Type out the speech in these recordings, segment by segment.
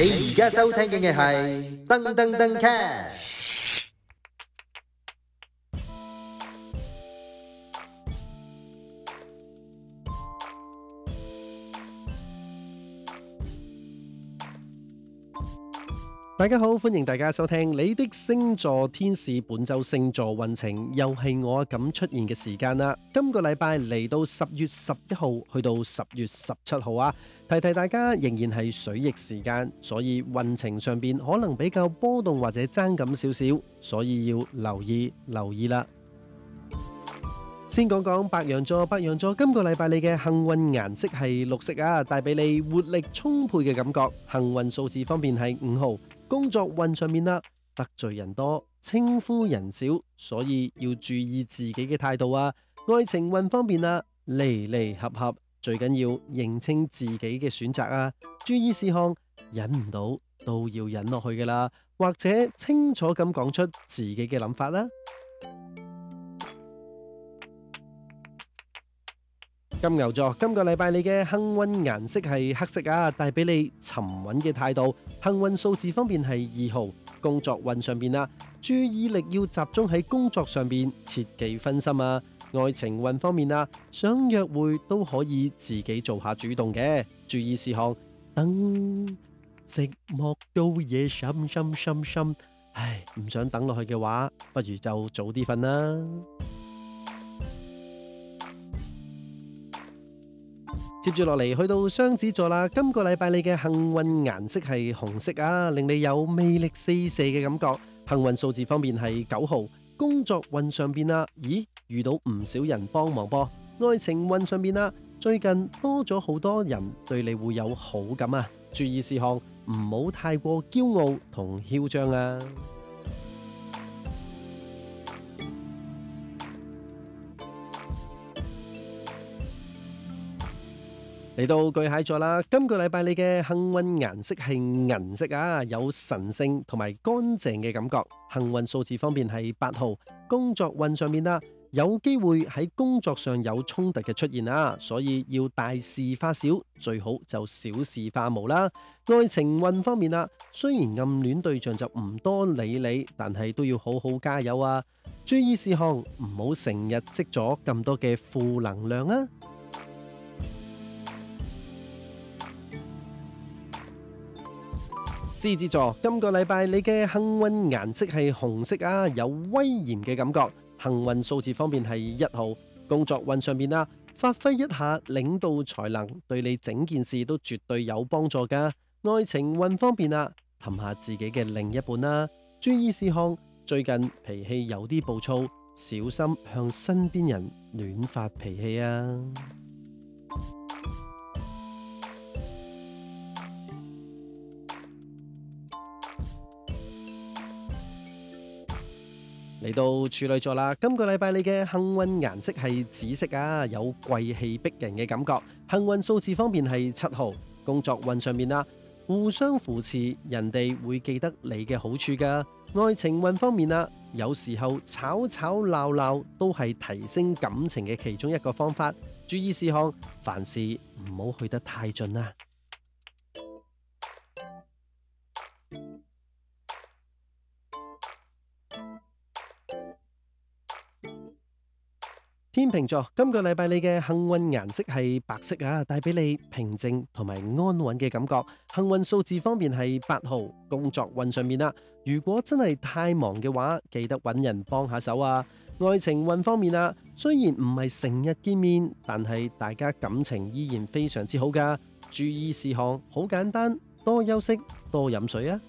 你而家收聽嘅係《噔噔噔 Cash》登登登。大家好，歡迎大家收聽你的星座天使。本周星座運程，又係我咁出現嘅時間啦。今個禮拜嚟到十月十一號去到十月十七號啊，提提大家仍然係水逆時間，所以運程上面可能比較波動或者爭咁少少，所以要留意留意啦。先講講白羊座，白羊座今個禮拜你嘅幸運顏色係綠色啊，帶俾你活力充沛嘅感覺。幸運數字方面係五號。工作運上面啦，得罪人多，稱呼人少，所以要注意自己嘅態度啊。愛情運方面啦，離離合合，最緊要認清自己嘅選擇啊。注意事項，忍唔到都要忍落去噶啦，或者清楚咁講出自己嘅諗法啦。金牛座，今個禮拜你嘅幸運顏色係黑色啊，帶俾你沉穩嘅態度。幸運數字方面係二號，工作運上邊啊，注意力要集中喺工作上邊，切忌分心啊。愛情運方面啊，想約會都可以自己做下主動嘅，注意事項。等寂寞到夜深深深深，唉，唔想等落去嘅話，不如就早啲瞓啦。接住落嚟去到雙子座啦，今個禮拜你嘅幸運顏色係紅色啊，令你有魅力四射嘅感覺。幸運數字方面係九號，工作運上邊啦，咦，遇到唔少人幫忙噃。愛情運上邊啦，最近多咗好多人對你會有好感啊。注意事項，唔好太過驕傲同囂張啊。嚟到巨蟹座啦，今個禮拜你嘅幸運顏色係銀色啊，有神聖同埋乾淨嘅感覺。幸運數字方面係八號，工作運上面啦、啊，有機會喺工作上有衝突嘅出現啊，所以要大事化小，最好就小事化無啦。愛情運方面啊，雖然暗戀對象就唔多理你，但係都要好好加油啊！注意事項，唔好成日積咗咁多嘅負能量啊！獅子座，今個禮拜你嘅幸運顏色係紅色啊，有威嚴嘅感覺。幸運數字方面係一號。工作運上面啊，發揮一下領導才能，對你整件事都絕對有幫助㗎。愛情運方面啊，氹下自己嘅另一半啦，啊。注意事項：最近脾氣有啲暴躁，小心向身邊人亂發脾氣啊。嚟到處女座啦，今個禮拜你嘅幸運顏色係紫色啊，有貴氣逼人嘅感覺。幸運數字方面係七號，工作運上面啊，互相扶持，人哋會記得你嘅好處噶。愛情運方面啊，有時候吵吵鬧鬧都係提升感情嘅其中一個方法。注意事項，凡事唔好去得太盡啦。天秤座，今個禮拜你嘅幸運顏色係白色啊，帶俾你平靜同埋安穩嘅感覺。幸運數字方面係八號，工作運上面啦。如果真係太忙嘅話，記得揾人幫下手啊。愛情運方面啊，雖然唔係成日見面，但係大家感情依然非常之好噶。注意事項好簡單，多休息，多飲水啊。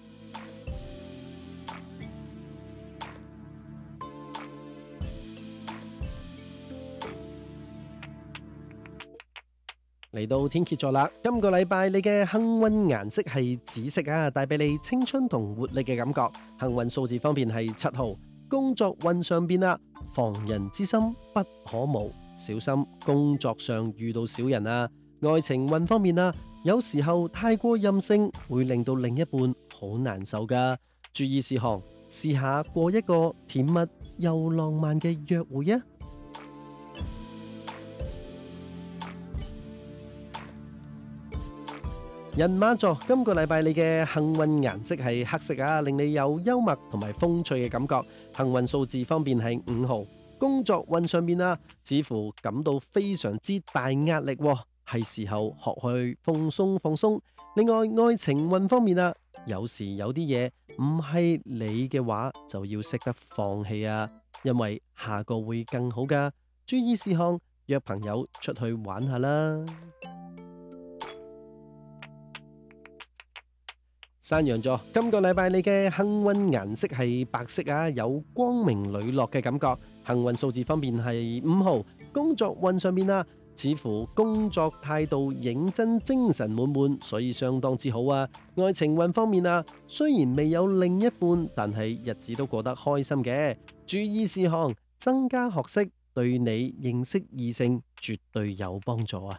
嚟到天蠍座啦，今個禮拜你嘅幸運顏色係紫色啊，帶俾你青春同活力嘅感覺。幸運數字方面係七號，工作運上邊啦、啊，防人之心不可無，小心工作上遇到小人啊。愛情運方面啊，有時候太過任性會令到另一半好難受噶，注意事項，試下過一個甜蜜又浪漫嘅約會啊！人馬座，今個禮拜你嘅幸運顏色係黑色啊，令你有幽默同埋風趣嘅感覺。幸運數字方面係五號。工作運上面啊，似乎感到非常之大壓力啊，係時候學去放鬆放鬆。另外，愛情運方面啊，有時有啲嘢唔係你嘅話，就要識得放棄啊，因為下個會更好噶。注意事項，約朋友出去玩下啦。山羊座，今個禮拜你嘅幸運顏色係白色啊，有光明磊落嘅感覺。幸運數字方面係五號。工作運上面啊，似乎工作態度認真，精神滿滿，所以相當之好啊。愛情運方面啊，雖然未有另一半，但係日子都過得開心嘅。注意事項，增加學識，對你認識異性絕對有幫助啊。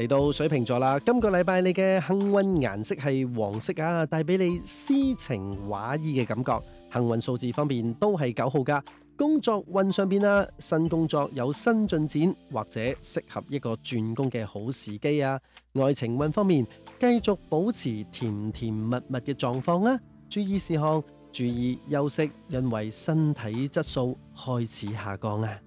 嚟到水瓶座啦，今個禮拜你嘅幸運顏色係黃色啊，帶俾你詩情畫意嘅感覺。幸運數字方面都係九號噶。工作運上邊啦，新工作有新進展，或者適合一個轉工嘅好時機啊。愛情運方面，繼續保持甜甜蜜蜜嘅狀況啊。注意事項，注意休息，因為身體質素開始下降啊。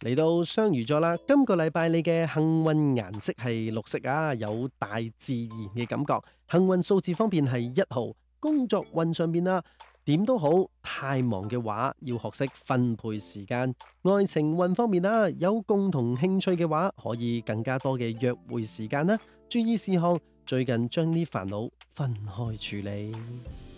嚟到雙魚座啦，今個禮拜你嘅幸運顏色係綠色啊，有大自然嘅感覺。幸運數字方面係一號。工作運上邊啊，點都好，太忙嘅話要學識分配時間。愛情運方面啊，有共同興趣嘅話可以更加多嘅約會時間啦。注意事項，最近將啲煩惱分開處理。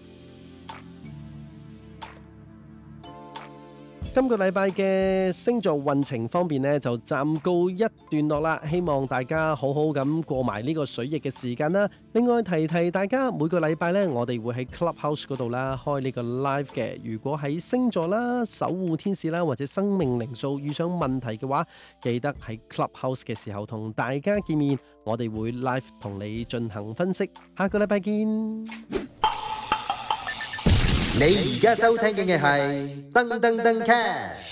今個禮拜嘅星座運程方面呢，就暫告一段落啦。希望大家好好咁過埋呢個水逆嘅時間啦。另外提提大家，每個禮拜呢，我哋會喺 Clubhouse 嗰度啦，開呢個 live 嘅。如果喺星座啦、守護天使啦或者生命靈數遇上問題嘅話，記得喺 Clubhouse 嘅時候同大家見面，我哋會 live 同你進行分析。下個禮拜見。你而家收聽嘅係登登登 Cat》登登登。